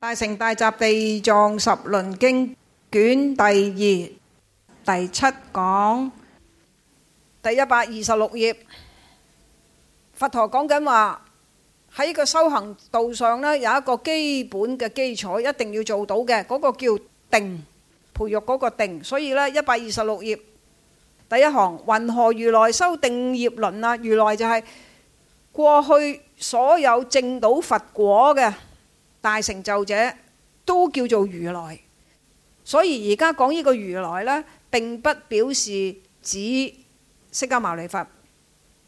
大乘大集地藏十輪經卷第二第七講，第一百二十六頁，佛陀講緊話，喺個修行道上呢，有一個基本嘅基礎，一定要做到嘅嗰個叫定，培育嗰個定。所以呢，一百二十六頁第一行，云何如來修定業輪啊？如來就係過去所有證到佛果嘅。大成就者都叫做如來，所以而家講呢個如來呢，並不表示指釋迦牟尼佛。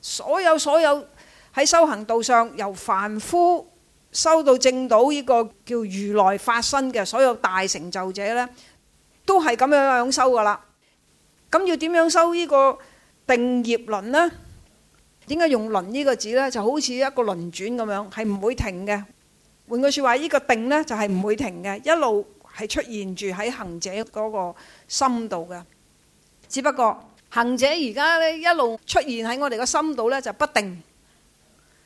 所有所有喺修行道上由凡夫修到正道，呢個叫如來發生嘅所有大成就者呢，都係咁樣樣修噶啦。咁要點樣修呢個定業輪呢？點解用輪呢個字呢？就好似一個輪轉咁樣，係唔會停嘅。換句説話，依個定咧就係唔會停嘅，一路係出現住喺行者嗰個心度嘅。只不過行者而家咧一路出現喺我哋個心度咧就不定，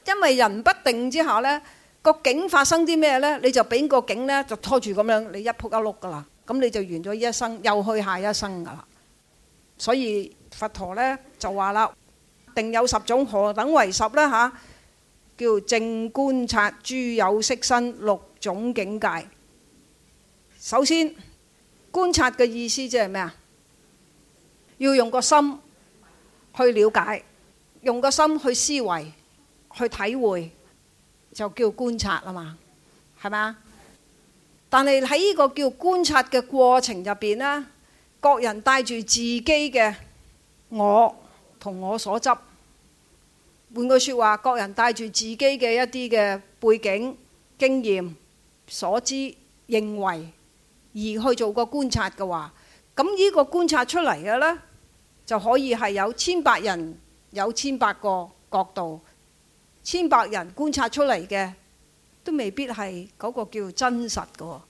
因為人不定之下咧個境發生啲咩咧，你就俾個境咧就拖住咁樣，你一仆一碌噶啦，咁你就完咗依一生，又去下一生噶啦。所以佛陀咧就話啦，定有十種，何等為十咧嚇？叫正觀察，諸有識身六種境界。首先，觀察嘅意思即係咩啊？要用個心去了解，用個心去思維，去體會，就叫觀察啊嘛，係咪啊？但係喺呢個叫觀察嘅過程入邊咧，各人帶住自己嘅我同我所執。換句説話，各人帶住自己嘅一啲嘅背景、經驗、所知、認為而去做個觀察嘅話，咁呢個觀察出嚟嘅呢，就可以係有千百人、有千百個角度、千百人觀察出嚟嘅，都未必係嗰個叫真實嘅。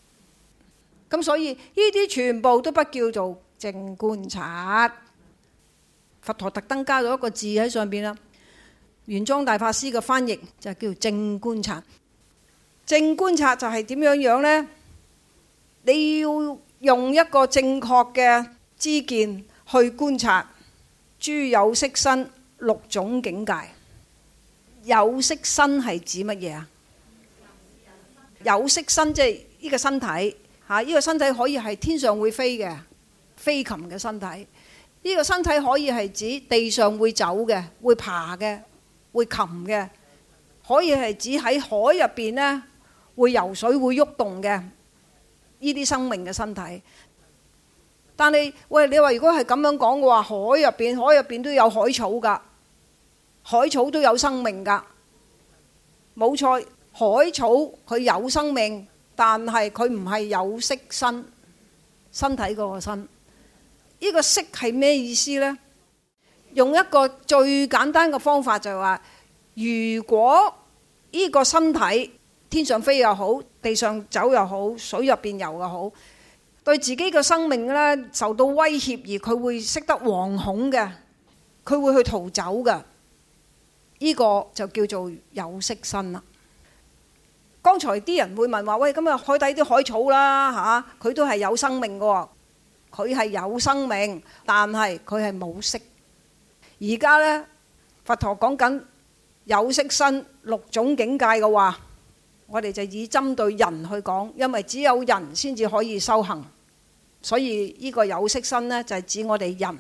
咁所以呢啲全部都不叫做正觀察。佛陀特登加咗一個字喺上邊啦。原裝大法師嘅翻譯就叫正觀察，正觀察就係點樣樣呢？你要用一個正確嘅知見去觀察諸有色身六種境界。有色身係指乜嘢啊？有色身即係呢個身體，嚇、這、呢個身體可以係天上會飛嘅飛禽嘅身體，呢、這個身體可以係指地上會走嘅、會爬嘅。會擒嘅，可以係指喺海入邊呢，會游水、會喐動嘅呢啲生命嘅身體。但係喂，你話，如果係咁樣講嘅話，海入邊、海入邊都有海草噶，海草都有生命噶。冇錯，海草佢有生命，但係佢唔係有色身身體嗰個身。呢個色係咩意思呢？用一個最簡單嘅方法就係話，如果呢個身體天上飛又好，地上走又好，水入邊游又好，對自己嘅生命咧受到威脅而佢會識得惶恐嘅，佢會去逃走嘅。呢個就叫做有識身啦。剛才啲人會問話，喂，咁啊海底啲海草啦嚇，佢都係有生命嘅，佢係有生命，但係佢係冇識。而家呢，佛陀講緊有識身六種境界嘅話，我哋就以針對人去講，因為只有人先至可以修行，所以呢個有識身呢就係指我哋人，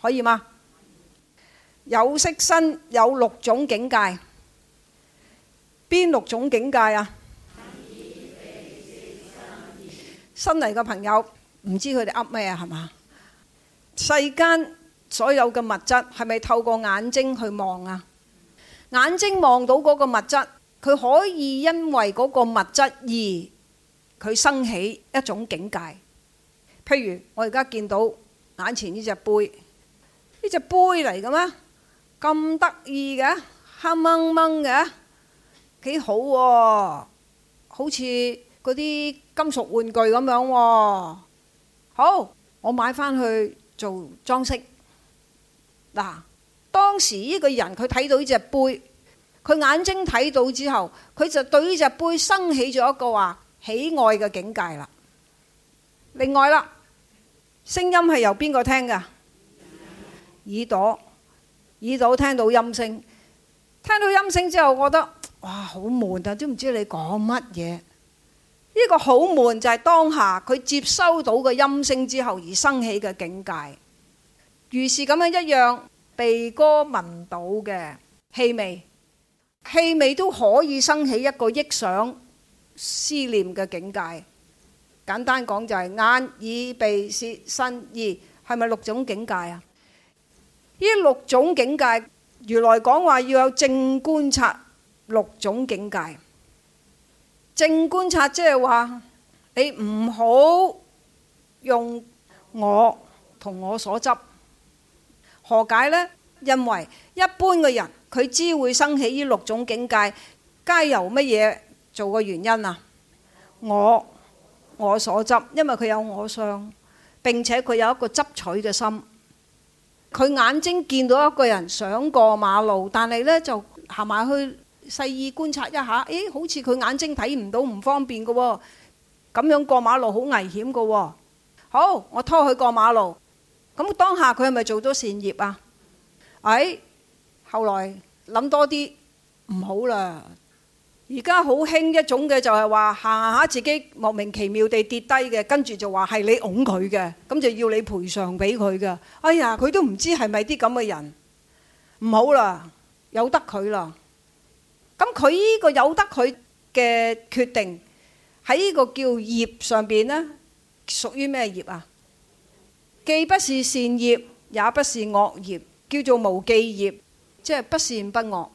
可以嗎？有識身有六種境界，邊六種境界啊？新嚟嘅朋友唔知佢哋噏咩啊？係嘛？世間。所有嘅物質係咪透過眼睛去望啊？眼睛望到嗰個物質，佢可以因為嗰個物質而佢生起一種境界。譬如我而家見到眼前呢隻杯，呢隻杯嚟嘅咩？咁得意嘅，黑掹掹嘅，幾好喎、啊！好似嗰啲金屬玩具咁樣喎、啊。好，我買翻去做裝飾。嗱，當時呢個人佢睇到呢隻杯，佢眼睛睇到之後，佢就對呢隻杯生起咗一個話喜愛嘅境界啦。另外啦，聲音係由邊個聽噶？耳朵，耳朵聽到音聲，聽到音聲之後覺得哇好悶啊！都唔知你講乜嘢？呢個好悶就係當下佢接收到嘅音聲之後而生起嘅境界。如是咁樣一樣，鼻哥聞到嘅氣味，氣味都可以生起一個憶想、思念嘅境界。簡單講就係眼、耳、鼻、舌、身、意，係咪六種境界啊？呢六種境界，如來講話要有正觀察六種境界。正觀察即係話你唔好用我同我所執。何解呢？因為一般嘅人，佢只會生起呢六種境界，皆由乜嘢做嘅原因啊？我我所執，因為佢有我相，並且佢有一個執取嘅心。佢眼睛見到一個人想過馬路，但係呢，就行埋去細意觀察一下，誒、哎，好似佢眼睛睇唔到，唔方便嘅喎、哦，咁樣過馬路好危險嘅喎。好，我拖佢過馬路。咁當下佢係咪做咗善業啊？哎，後來諗多啲唔好啦。而家好興一種嘅就係話，行下自己莫名其妙地跌低嘅，跟住就話係你擁佢嘅，咁就要你賠償俾佢嘅。哎呀，佢都唔知係咪啲咁嘅人，唔好啦，由得佢啦。咁佢呢個由得佢嘅決定喺呢個叫業上面呢，屬於咩業啊？既不是善業，也不是惡業，叫做無記業，即係不善不惡，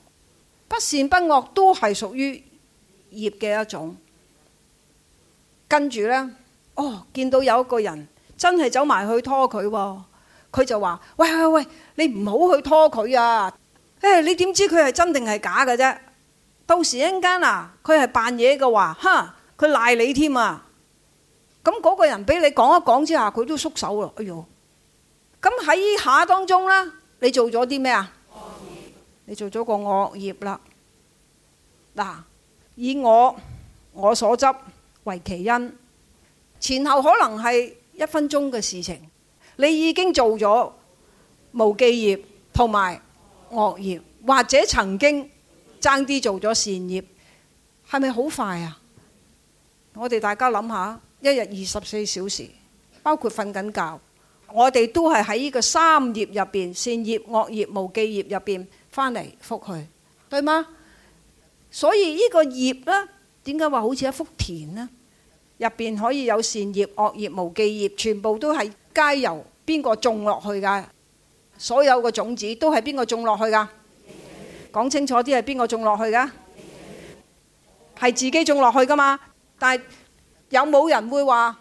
不善不惡都係屬於業嘅一種。跟住呢，哦，見到有一個人真係走埋去拖佢，佢就話：，喂喂喂，你唔好去拖佢啊！誒、哎，你點知佢係真定係假嘅啫？到時一陣間啊，佢係扮嘢嘅話，哼，佢賴你添啊！咁嗰個人俾你講一講之下，佢都縮手啦！哎呦，咁喺下當中呢，你做咗啲咩啊？惡業。你做咗個惡業啦。嗱，以我我所執為其因，前後可能係一分鐘嘅事情，你已經做咗無記業同埋惡業，或者曾經爭啲做咗善業，係咪好快啊？我哋大家諗下。一日二十四小時，包括瞓緊覺，我哋都係喺呢個三業入邊，善業、惡業、無記業入邊翻嚟覆去，對嗎？所以呢個業咧，點解話好似一幅田呢？入邊可以有善業、惡業、無記業，全部都係皆由邊個種落去噶？所有嘅種子都係邊個種落去噶？講清楚啲係邊個種落去噶？係自己種落去噶嘛？但係，有冇人會話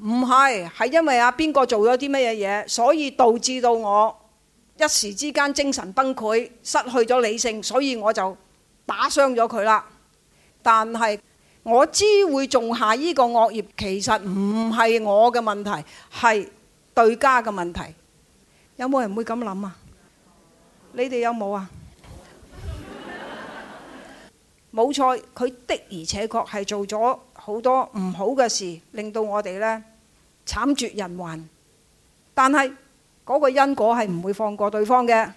唔係，係因為阿邊個做咗啲乜嘢嘢，所以導致到我一時之間精神崩潰，失去咗理性，所以我就打傷咗佢啦。但係我知會種下呢個惡業，其實唔係我嘅問題，係對家嘅問題。有冇人會咁諗啊？你哋有冇啊？冇錯，佢的而且確係做咗。好多唔好嘅事令到我哋呢慘絕人寰，但係嗰個因果係唔會放過對方嘅，而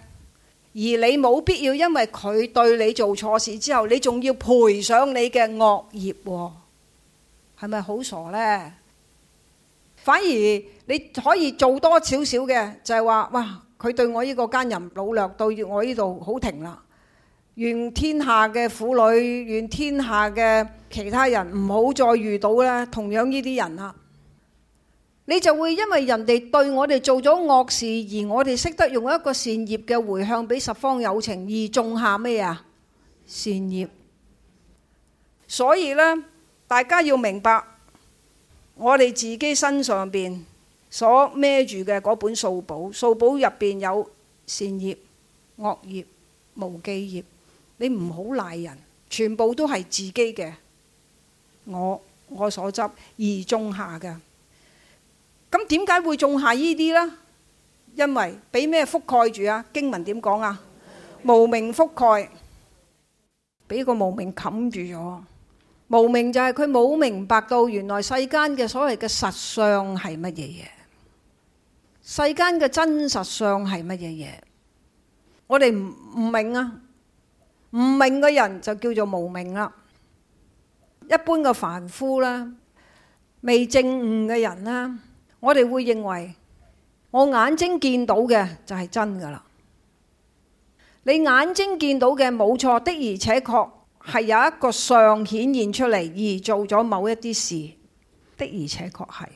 你冇必要因為佢對你做錯事之後，你仲要賠上你嘅惡業，係咪好傻呢？反而你可以做多少少嘅，就係話：哇，佢對我呢個奸淫擄掠對我呢度好停啦。願天下嘅婦女，願天下嘅其他人唔好再遇到呢，同樣呢啲人啦。你就會因為人哋對我哋做咗惡事，而我哋識得用一個善業嘅回向俾十方有情，而種下咩啊善業。所以呢，大家要明白我哋自己身上邊所孭住嘅嗰本素簿，素簿入邊有善業、惡業、無記業。你唔好賴人，全部都係自己嘅，我我所執而種下嘅，咁點解會種下依啲呢？因為俾咩覆蓋住啊？經文點講啊？無明覆蓋，俾個無明冚住咗。無明就係佢冇明白到原來世間嘅所謂嘅實相係乜嘢嘢？世間嘅真實相係乜嘢嘢？我哋唔唔明啊！唔明嘅人就叫做無明啦，一般嘅凡夫啦，未證悟嘅人啦，我哋會認為我眼睛見到嘅就係真㗎啦，你眼睛見到嘅冇錯的，錯的而且確係有一個相顯現出嚟，而做咗某一啲事，的而且確係，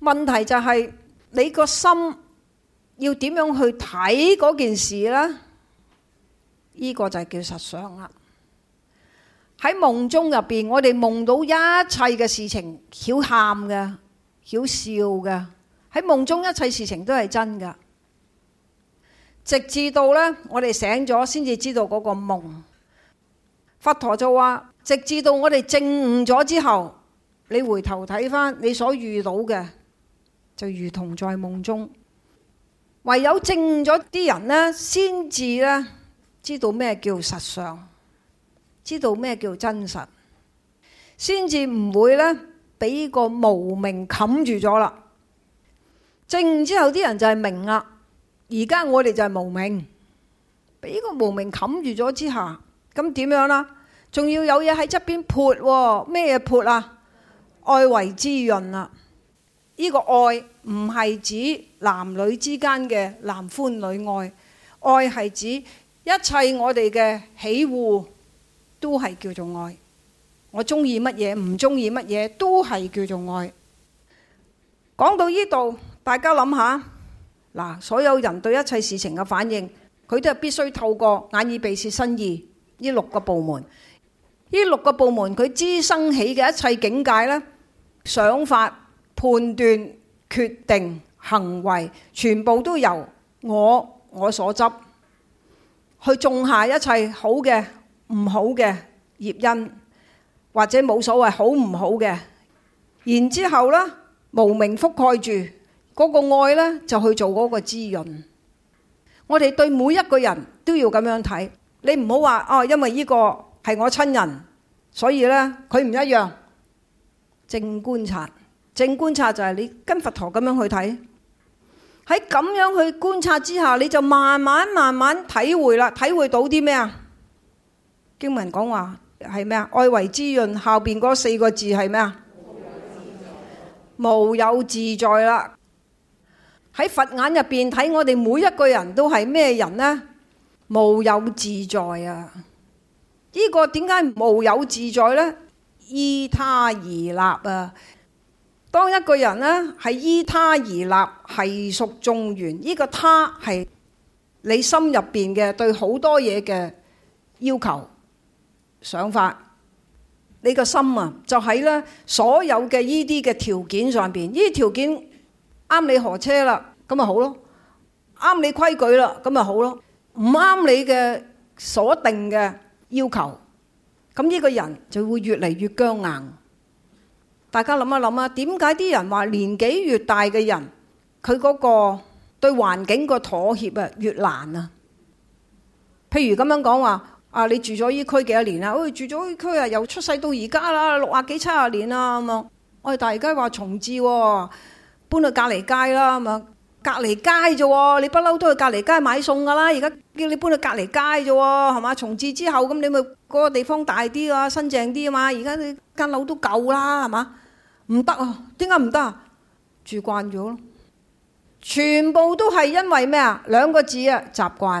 問題就係、是、你個心要點樣去睇嗰件事啦？呢個就係叫實相啦。喺夢中入邊，我哋夢到一切嘅事情，曉喊嘅，曉笑嘅。喺夢中一切事情都係真噶。直至到呢，我哋醒咗，先至知道嗰個夢。佛陀就話，直至到我哋證悟咗之後，你回頭睇返你所遇到嘅，就如同在夢中。唯有證悟咗啲人呢，先至呢。知道咩叫實相，知道咩叫真實，先至唔會呢，俾個無名冚住咗啦。正之後啲人就係明啦，而家我哋就係無名，俾個無名冚住咗之下，咁點樣啦？仲要有嘢喺側邊潑喎，咩嘢潑啊？愛為滋潤啦，呢個愛唔係指男女之間嘅男歡女愛，愛係指。一切我哋嘅喜惡都係叫做愛，我中意乜嘢唔中意乜嘢都係叫做愛。講到呢度，大家諗下，嗱，所有人對一切事情嘅反應，佢都係必須透過眼耳鼻舌身意呢六個部門，呢六個部門佢滋生起嘅一切境界咧，想法、判斷、決定、行為，全部都由我我所執。去種下一切好嘅、唔好嘅業因，或者冇所謂好唔好嘅，然之後咧無明覆蓋住嗰個愛呢，就去做嗰個滋潤。我哋對每一個人都要咁樣睇，你唔好話哦，因為呢個係我親人，所以呢，佢唔一樣。正觀察，正觀察就係你跟佛陀咁樣去睇。喺咁樣去觀察之下，你就慢慢慢慢體會啦，體會到啲咩啊？經文講話係咩啊？愛為滋潤，後邊嗰四個字係咩啊？無有自在啦。喺佛眼入邊睇，我哋每一個人都係咩人呢？無有自在啊！呢個點解無有自在呢？依他而立啊！當一個人咧係依他而立，係屬眾緣。呢、這個他係你心入邊嘅對好多嘢嘅要求、想法。你個心啊，就喺咧所有嘅依啲嘅條件上邊。呢啲條件啱你何車啦，咁咪好咯，啱你規矩啦，咁咪好咯。唔啱你嘅所定嘅要求，咁呢個人就會越嚟越僵硬。大家諗一諗啊，點解啲人話年紀越大嘅人，佢嗰個對環境個妥協啊越難啊？譬如咁樣講話啊，你住咗依區幾多年啊？喂、哎，住咗依區啊，由出世到而家啦，六啊幾七啊年啊咁啊！我哋大家話重置喎，搬去隔離街啦咁啊，隔離街啫喎，你不嬲都去隔離街買餸噶啦！而家叫你搬去隔離街啫喎，係嘛？重置之後咁，你咪嗰個地方大啲啊，新淨啲啊嘛！而家你間樓都夠啦，係嘛？唔得啊！點解唔得啊？住慣咗咯，全部都係因為咩啊？兩個字啊，習慣。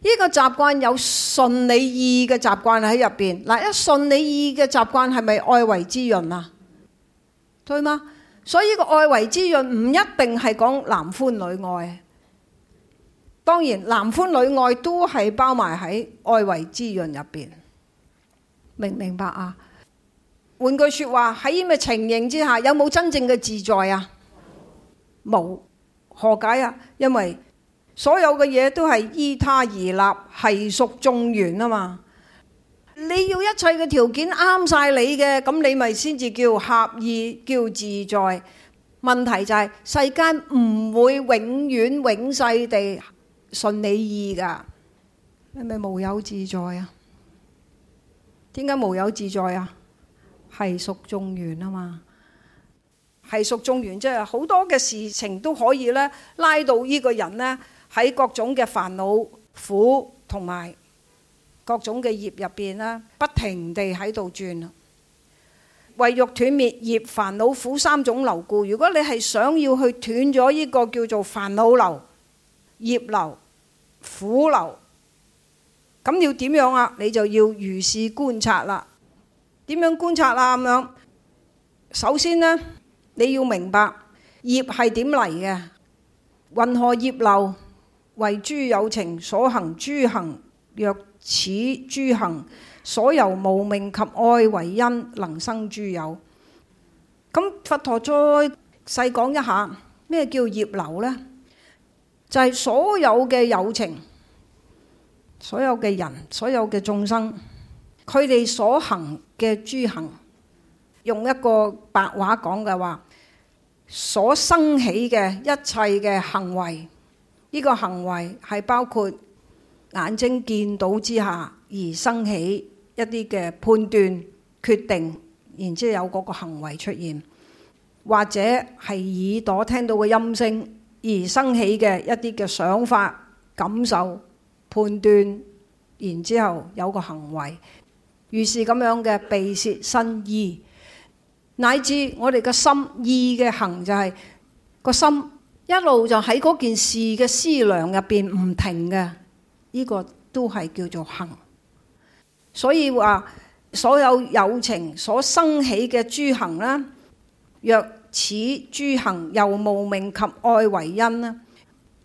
呢、這個習慣有順你意嘅習慣喺入邊嗱，一、嗯、順你意嘅習慣係咪愛為滋潤啊？對嗎？所以呢個愛為滋潤唔一定係講男歡女愛，當然男歡女愛都係包埋喺愛為滋潤入邊，明唔明白啊？換句說話，喺咁嘅情形之下，有冇真正嘅自在啊？冇，何解啊？因為所有嘅嘢都係依他而立，繫屬眾緣啊嘛。你要一切嘅條件啱晒你嘅，咁你咪先至叫合意，叫自在。問題就係、是、世間唔會永遠永世地順你意噶，係咪無有自在啊？點解無有自在啊？繫屬眾緣啊嘛，繫屬眾緣，即係好多嘅事情都可以呢，拉到呢個人呢，喺各種嘅煩惱苦同埋各種嘅業入面呢，不停地喺度轉，為欲斷滅業煩惱苦三種流故。如果你係想要去斷咗呢個叫做煩惱流、業流、苦流，咁要點樣啊？你就要如是觀察啦。點樣觀察啦？咁樣首先呢，你要明白業係點嚟嘅。云何業流為諸有情所行諸行若此諸行，所由無明及愛為因，能生諸有。咁佛陀再細講一下咩叫業流呢？就係、是、所有嘅有情，所有嘅人，所有嘅眾生。佢哋所行嘅諸行，用一個白話講嘅話，所生起嘅一切嘅行為，呢個行為係包括眼睛見到之下而生起一啲嘅判斷、決定，然之後有嗰個行為出現，或者係耳朵聽到嘅音聲而生起嘅一啲嘅想法、感受、判斷，然之後有個行為。如是咁樣嘅鼻舌身意，乃至我哋嘅心意嘅行就係、是、個心一路就喺嗰件事嘅思量入邊唔停嘅，呢、這個都係叫做行。所以話所有有情所生起嘅諸行啦，若此諸行由無明及愛為因啦，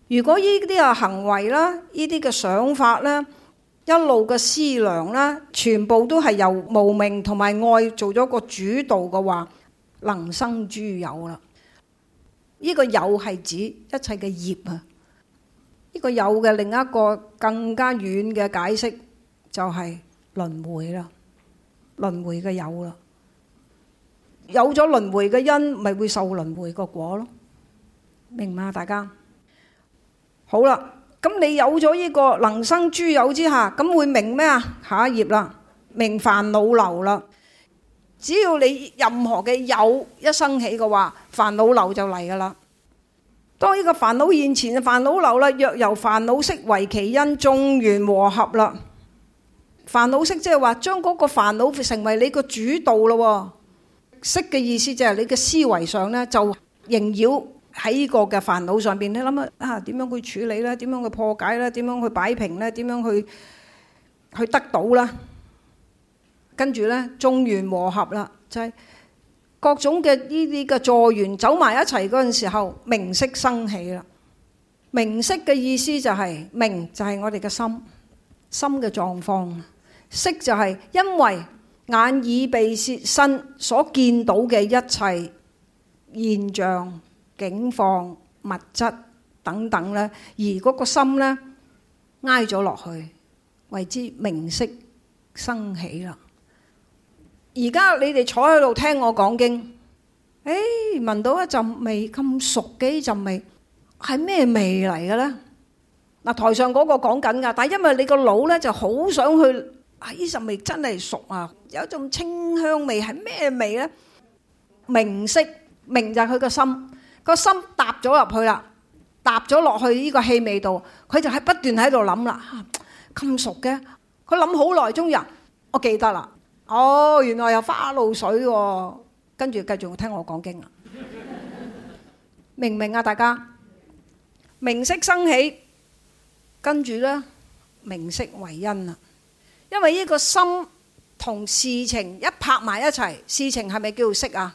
如果呢啲啊行為啦，呢啲嘅想法啦。一路嘅思量啦，全部都係由無明同埋愛做咗個主導嘅話，能生諸有啦。呢個有係指一切嘅業啊，呢個有嘅另一個更加遠嘅解釋就係輪迴啦，輪迴嘅有啦，有咗輪迴嘅因，咪會受輪迴個果咯，明嘛大家？好啦。咁你有咗呢個能生諸有之下，咁會明咩啊？下一頁啦，明煩惱流啦。只要你任何嘅有一生起嘅話，煩惱流就嚟噶啦。當呢個煩惱現前，嘅煩惱流啦，若由煩惱識為其因，眾緣和合啦。煩惱識即係話，將嗰個煩惱成為你個主導咯。識嘅意思就係、是、你嘅思維上咧，就縈繞。喺呢個嘅煩惱上邊，你諗啊啊，點樣去處理咧？點樣去破解咧？點樣去擺平咧？點樣去去得到啦？跟住咧，眾緣和合啦，就係各種嘅呢啲嘅助緣走埋一齊嗰陣時候，名色生起啦。名色嘅意思就係名就係我哋嘅心，心嘅狀況；色就係因為眼耳鼻舌身所見到嘅一切現象。境況物質等等咧，而嗰個心咧，挨咗落去，為之名色生起啦。而家你哋坐喺度聽我講經，誒，聞到一陣味咁熟嘅，呢陣味係咩味嚟嘅咧？嗱，台上嗰個講緊噶，但係因為你個腦咧就好想去，啊，呢陣味真係熟啊，有一種清香味，係咩味咧？名色名入去個心，個心搭咗入去啦，搭咗落去呢個氣味度，佢就喺不斷喺度諗啦。咁熟嘅，佢諗好耐，終於我記得啦。哦，原來有花露水，跟住繼續聽我講經啦。明唔明啊？大家，名色生起，跟住咧名色為因啦。因為呢個心同事情一拍埋一齊，事情係咪叫色啊？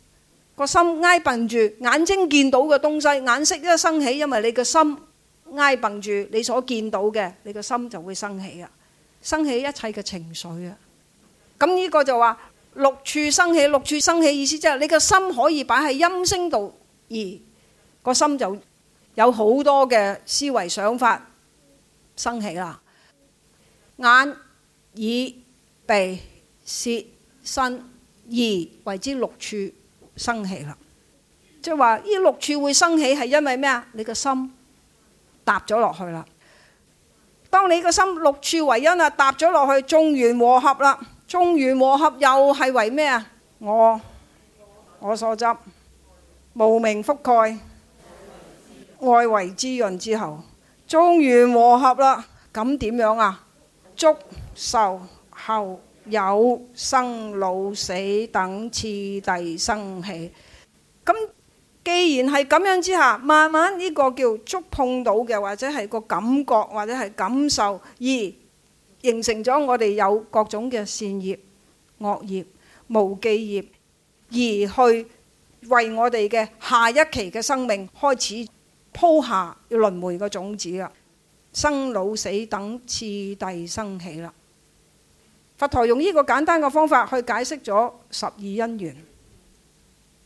個心挨笨住，眼睛見到嘅東西，眼色一生起，因為你個心挨笨住，你所見到嘅，你個心就會生起啊，生起一切嘅情緒啊。咁、這、呢個就話六處生起，六處生起意思即係你個心可以擺喺音聲度，而個心就有好多嘅思維想法生起啦。眼、耳、鼻、舌、身、意，為之六處。生起啦，即係話呢六處會生起，係因為咩啊？你個心搭咗落去啦。當你個心六處為因啊，搭咗落去，眾緣和合啦。眾緣和合又係為咩啊？我我所執，無明覆蓋，愛為滋潤之後，眾緣和合啦。咁點樣啊？觸受後。有生老死等次第生起，咁既然係咁樣之下，慢慢呢個叫觸碰到嘅，或者係個感覺，或者係感受，而形成咗我哋有各種嘅善業、惡業、無記業，而去為我哋嘅下一期嘅生命開始鋪下輪迴嘅種子啦，生老死等次第生起啦。佛陀用呢個簡單嘅方法去解釋咗十二因緣。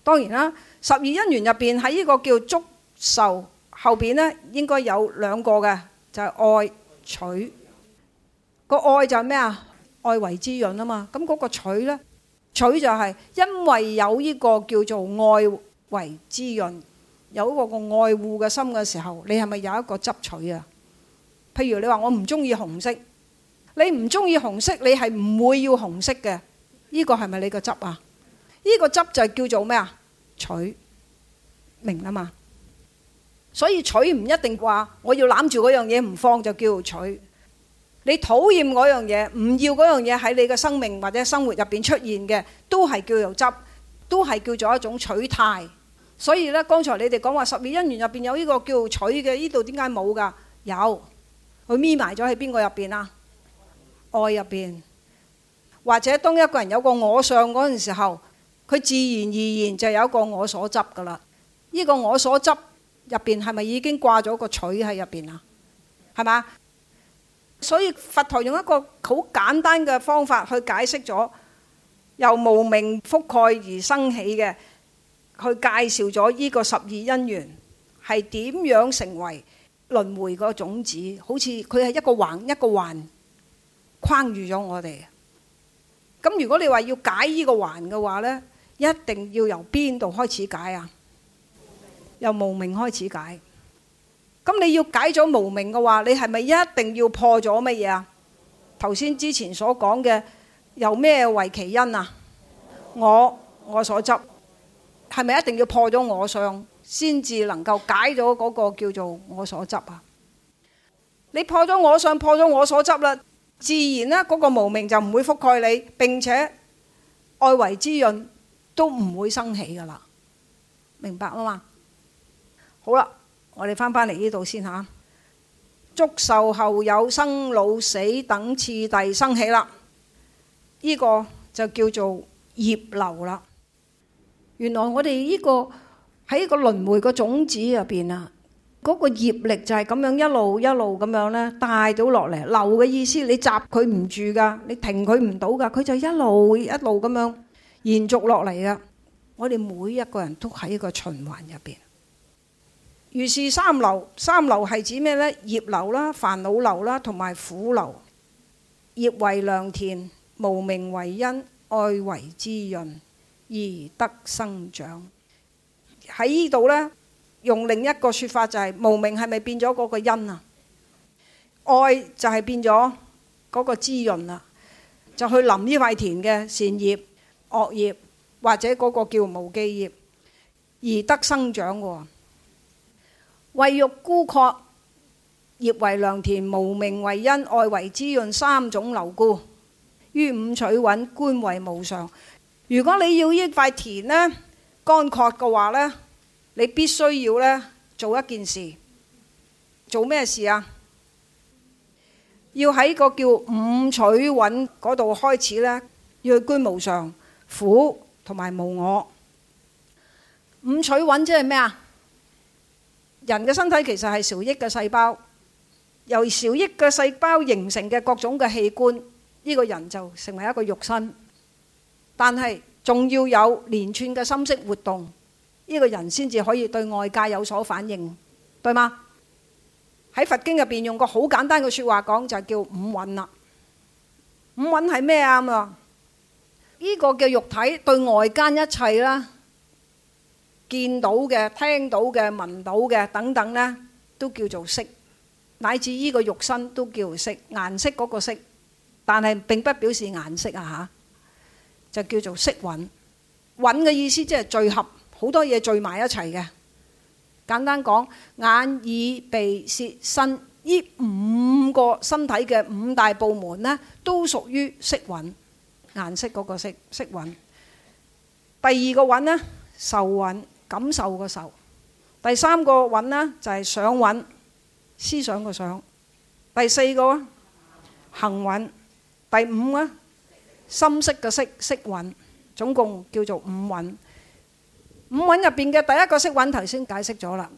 當然啦，十二因緣入邊喺呢個叫觸受後邊呢，應該有兩個嘅，就係愛取。個愛就係咩啊？愛為滋潤啊嘛。咁嗰個取呢，取就係因為有呢個叫做愛為滋潤，有嗰個愛護嘅心嘅時候，你係咪有一個執取啊？譬如你話我唔中意紅色。你唔中意紅色，你係唔會要紅色嘅。呢個係咪你個執啊？呢個執就係叫做咩啊？取，明啦嘛。所以取唔一定話我要攬住嗰樣嘢唔放就叫做取。你討厭嗰樣嘢，唔要嗰樣嘢喺你嘅生命或者生活入邊出現嘅，都係叫做執，都係叫做一種取態。所以咧，剛才你哋講話十二因緣入邊有呢個叫取嘅，呢度點解冇㗎？有，佢匿埋咗喺邊個入邊啊？愛入邊，或者當一個人有個我相嗰陣時候，佢自然而然就有個我所執噶啦。呢個我所執入邊係咪已經掛咗個取喺入邊啊？係嘛？所以佛陀用一個好簡單嘅方法去解釋咗由無明覆蓋而生起嘅，去介紹咗呢個十二因緣係點樣成為輪回個種子，好似佢係一個環一個環，框住咗我哋，咁如果你話要解呢個環嘅話呢，一定要由邊度開始解啊？由無明開始解，咁你要解咗無明嘅話，你係咪一定要破咗乜嘢啊？頭先之前所講嘅，由咩為其因啊？我我所執係咪一定要破咗我相，先至能夠解咗嗰個叫做我所執啊？你破咗我相，破咗我所執啦。自然呢，嗰、那個無明就唔會覆蓋你，並且愛為滋潤都唔會生起噶啦，明白啦嘛？好啦，我哋翻返嚟呢度先吓，觸受後有生老死等次第生起啦，呢、這個就叫做業流啦。原來我哋呢、這個喺一個輪迴個種子入邊啊。嗰個業力就係咁樣一路一路咁樣咧帶到落嚟，流嘅意思，你集佢唔住噶，你停佢唔到噶，佢就一路一路咁樣延續落嚟啊！我哋每一個人都喺一個循環入邊，如是三流。三流係指咩咧？業流啦、煩惱流啦，同埋苦流。業為良田，無明為因，愛為滋潤，而得生長。喺呢度咧。用另一個説法就係、是、無明係咪變咗嗰個因啊？愛就係變咗嗰個滋潤啦，就去淋呢塊田嘅善業、惡業或者嗰個叫無記業而得生長喎。為欲枯涸，業為良田，無明為因，愛為滋潤，三種流故。於五取蘊觀為無常。如果你要呢塊田呢，乾涸嘅話呢。你必須要呢做一件事，做咩事啊？要喺個叫五取蘊嗰度開始呢，要觀無常、苦同埋無我。五取蘊即係咩啊？人嘅身體其實係兆億嘅細胞，由兆億嘅細胞形成嘅各種嘅器官，呢、呢個人就成為一個肉身。但係仲要有連串嘅心識活動。呢個人先至可以對外界有所反應，對嗎？喺佛經入邊用個好簡單嘅説話講，就叫五蘊啦。五蘊係咩啊？嘛，呢個嘅肉體對外間一切啦，見到嘅、聽到嘅、聞到嘅等等呢，都叫做色，乃至呢個肉身都叫色，顏色嗰個色，但係並不表示顏色啊嚇，就叫做色蘊。蘊嘅意思，即係聚合。好多嘢聚埋一齊嘅，簡單講，眼、耳、鼻、舌、身，呢五個身體嘅五大部門呢，都屬於色蘊，顏色嗰個色色蘊。第二個蘊呢，受蘊，感受個受。第三個蘊呢，就係想蘊，思想個想。第四個啊，行蘊。第五啊，深色嘅色色蘊，總共叫做五蘊。五蘊入邊嘅第一個色蘊，頭先解釋咗啦。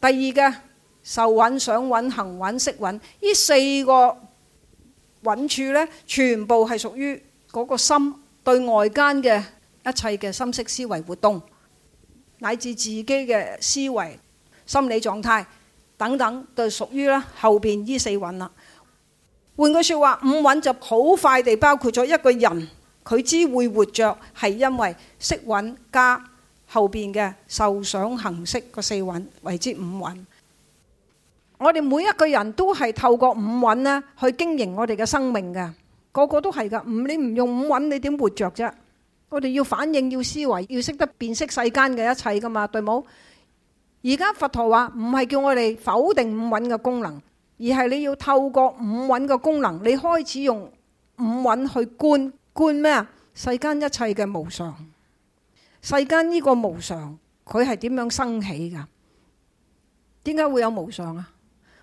第二嘅受蘊、想蘊、行蘊、識蘊，呢四個蘊處呢，全部係屬於嗰個心對外間嘅一切嘅心識思維活動，乃至自己嘅思維、心理狀態等等，就屬於咧後邊呢四蘊啦。換句說話，五蘊就好快地包括咗一個人，佢知會活着係因為識蘊加。後邊嘅受想行識個四蘊，謂之五蘊。我哋每一個人都係透過五蘊咧去經營我哋嘅生命㗎，個個都係噶。唔，你唔用五蘊，你點活着啫？我哋要反應，要思維，要識得辨識世間嘅一切噶嘛，對冇？而家佛陀話唔係叫我哋否定五蘊嘅功能，而係你要透過五蘊嘅功能，你開始用五蘊去觀，觀咩啊？世間一切嘅無常。世間呢個無常，佢係點樣生起噶？點解會有無常啊？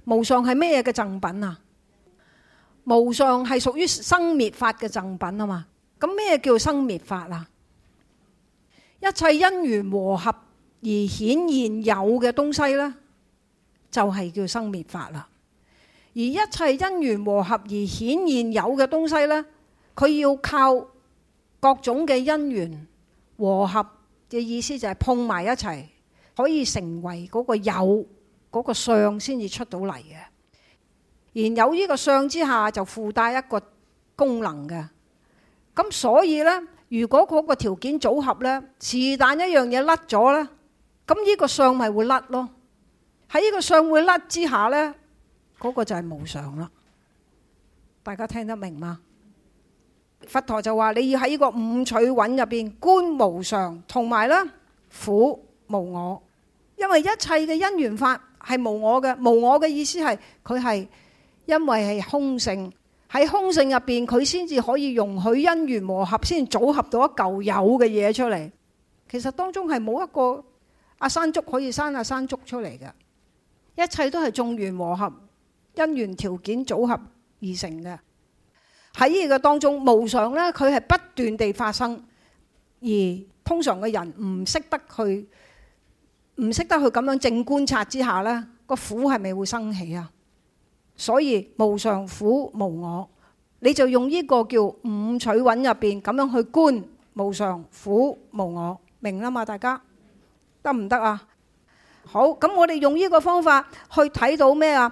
無常係咩嘅贈品啊？無常係屬於生滅法嘅贈品啊嘛。咁咩叫生滅法啊？一切因緣和合而顯現有嘅東西呢，就係叫生滅法啦。而一切因緣和合而顯現有嘅東西呢，佢要靠各種嘅因緣。和合嘅意思就係碰埋一齊，可以成為嗰個有嗰個相先至出到嚟嘅。而有呢個相之下，就附帶一個功能嘅。咁所以咧，如果嗰個條件組合咧，是但一樣嘢甩咗咧，咁呢個相咪會甩咯。喺呢個相會甩之下咧，嗰個就係無常啦。大家聽得明嗎？佛陀就話：你要喺呢個五取蘊入邊，觀無常，同埋咧苦無我。因為一切嘅因緣法係無我嘅，無我嘅意思係佢係因為係空性，喺空性入邊佢先至可以容許因緣和合，先組合到一嚿有嘅嘢出嚟。其實當中係冇一個阿山竹可以生阿山竹出嚟嘅，一切都係眾緣和合、因緣條件組合而成嘅。喺呢個當中，無常呢，佢係不斷地發生，而通常嘅人唔識得去，唔識得去咁樣正觀察之下呢，這個苦係咪會生起啊？所以無常苦無我，你就用呢個叫五取蘊入邊咁樣去觀無常苦無我，明啦嘛，大家得唔得啊？好，咁我哋用呢個方法去睇到咩啊？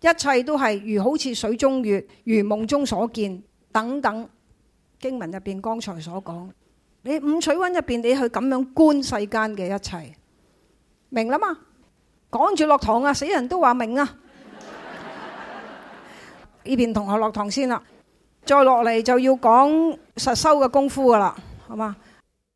一切都係如好似水中月，如夢中所見等等經文入邊剛才所講，你五取蘊入邊你去咁樣觀世間嘅一切，明啦嘛？趕住落堂啊！死人都話明啊！呢邊 同學落堂先啦，再落嚟就要講實修嘅功夫噶啦，好嘛？